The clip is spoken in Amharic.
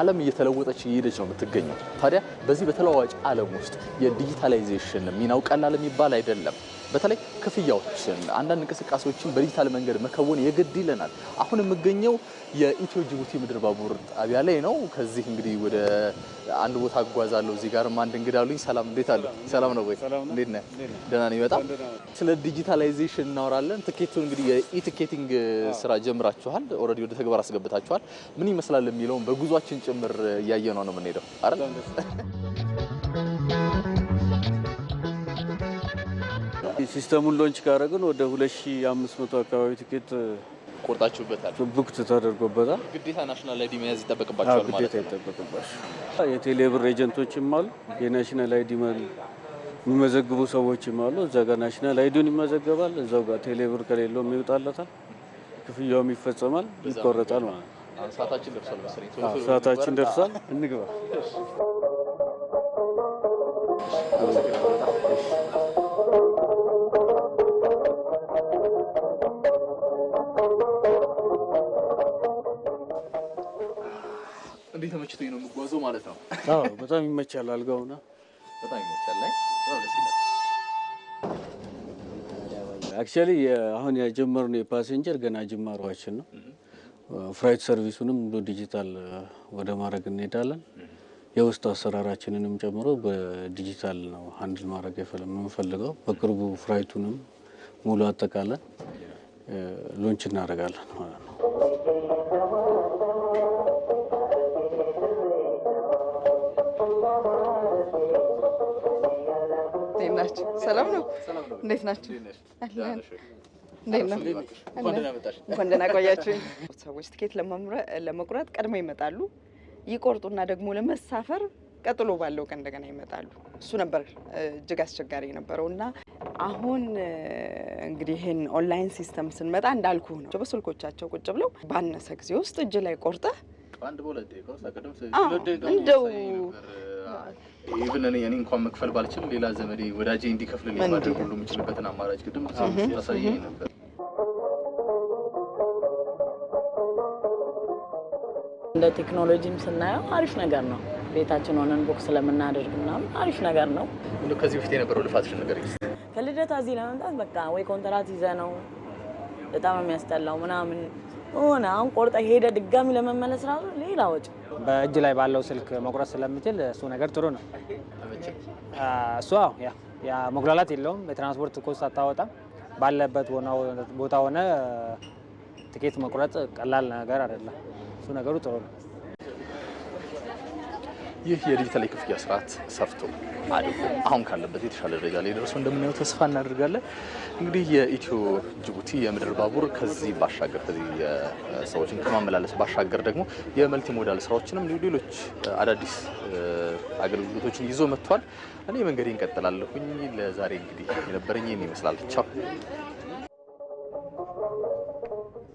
ዓለም እየተለወጠች እየሄደች ነው የምትገኘው። ታዲያ በዚህ በተለዋዋጭ ዓለም ውስጥ የዲጂታላይዜሽን ሚናው ቀላል የሚባል አይደለም። በተለይ ክፍያዎችን፣ አንዳንድ እንቅስቃሴዎችን በዲጂታል መንገድ መከወን የግድ ይለናል። አሁን የምገኘው የኢትዮ ጅቡቲ ምድር ባቡር ጣቢያ ላይ ነው። ከዚህ እንግዲህ ወደ አንድ ቦታ አጓዛለሁ። እዚህ ጋርም አንድ እንግዳ አሉኝ። ሰላም፣ እንዴት አለ? ሰላም ነው ወይ? እንዴት ነህ? ደህና ነኝ በጣም። ስለ ዲጂታላይዜሽን እናወራለን። ትኬቱ እንግዲህ የኢትኬቲንግ ስራ ጀምራችኋል፣ ኦልሬዲ ወደ ተግባር አስገብታችኋል። ምን ይመስላል የሚለውን በጉዟችን ጭምር እያየ ነው ነው የምንሄደው አረ ሲስተሙን ሎንች ካደረግን ወደ 2500 አካባቢ ትኬት ቆርጣችሁበታል ቡክት ተደርጎበታል። ግዴታ ናሽናል አይዲ መያዝ ይጠበቅባቸዋል ማለት ነው። ይጠበቅባቸዋል። የቴሌብር ኤጀንቶችም አሉ። የናሽናል አይዲ የሚመዘግቡ ሰዎችም አሉ። እዛ ጋር ናሽናል አይዲውን ይመዘገባል። እዛው ጋር ቴሌብር ከሌለውም ይውጣለታል ክፍያውም ይፈጸማል፣ ይቆረጣል ማለት ነው። ሰዓታችን ደርሷል መሰለኝ። ሰዓታችን ደርሷል፣ እንግባ። እንዴት ተመችቶኝ ነው የምጓዘው ማለት ነው። በጣም ይመቻል፣ አልጋውና በጣም ይመቻል ላይ አክቹዋሊ አሁን የጀመርነው የፓሴንጀር ገና ጅማሯችን ነው። ፍራይት ሰርቪሱንም ዲጂታል ወደ ማድረግ እንሄዳለን። የውስጥ አሰራራችንንም ጨምሮ በዲጂታል ነው ሀንድል ማድረግ የምንፈልገው። በቅርቡ ፍራይቱንም ሙሉ አጠቃለን ሎንች እናደርጋለን ማለት ነው። ሰላም ነው። እንዴት ናቸው? እንኳን ደህና ቆያችሁኝ። ሰዎች ትኬት ለመቁረጥ ቀድመው ይመጣሉ፣ ይቆርጡና ደግሞ ለመሳፈር ቀጥሎ ባለው ቀን እንደገና ይመጣሉ። እሱ ነበር እጅግ አስቸጋሪ የነበረው እና አሁን እንግዲህ ይህን ኦንላይን ሲስተም ስንመጣ እንዳልኩ ነው። በስልኮቻቸው ቁጭ ብለው ባነሰ ጊዜ ውስጥ እጅ ላይ ቆርጠህ እንደው ኢቭን እኔ እኔ እንኳን መክፈል ባልችል ሌላ ዘመዴ ወዳጄ እንዲከፍልልኝ ማድረግ ሁሉ የምችልበትን አማራጭ ቅድም ታሳየኝ ነበር። እንደ ቴክኖሎጂም ስናየው አሪፍ ነገር ነው። ቤታችን ሆነን ቦክስ ስለምናደርግ ምናምን አሪፍ ነገር ነው። ከዚህ በፊት የነበረው ልፋትሽን ነገር ከልደታ እዚህ ለመምጣት በቃ ወይ ኮንትራት ይዘ ነው በጣም የሚያስጠላው ምናምን ሆነ። አሁን ቆርጠ ሄደ ድጋሚ ለመመለስ ራሱ ሌላ ወጪ። በእጅ ላይ ባለው ስልክ መቁረጥ ስለምችል እሱ ነገር ጥሩ ነው። እሱ መጉላላት የለውም። የትራንስፖርት ኮስት አታወጣም። ባለበት ቦታ ሆነ ትኬት መቁረጥ ቀላል ነገር አይደለም። እሱ ነገሩ ጥሩ ነው። ይህ የዲጂታል የክፍያ ስርዓት ሰፍቶ አድጎ አሁን ካለበት የተሻለ ደረጃ ላይ ደርሶ እንደምናየው ተስፋ እናደርጋለን። እንግዲህ የኢትዮ ጅቡቲ የምድር ባቡር ከዚህ ባሻገር ከዚህ ሰዎችን ከማመላለስ ባሻገር ደግሞ የመልቲ ሞዳል ስራዎችንም ሌሎች አዳዲስ አገልግሎቶችን ይዞ መጥቷል። እኔ መንገዴ እንቀጥላለሁኝ። ለዛሬ እንግዲህ የነበረኝ ይህን ይመስላል። ቻው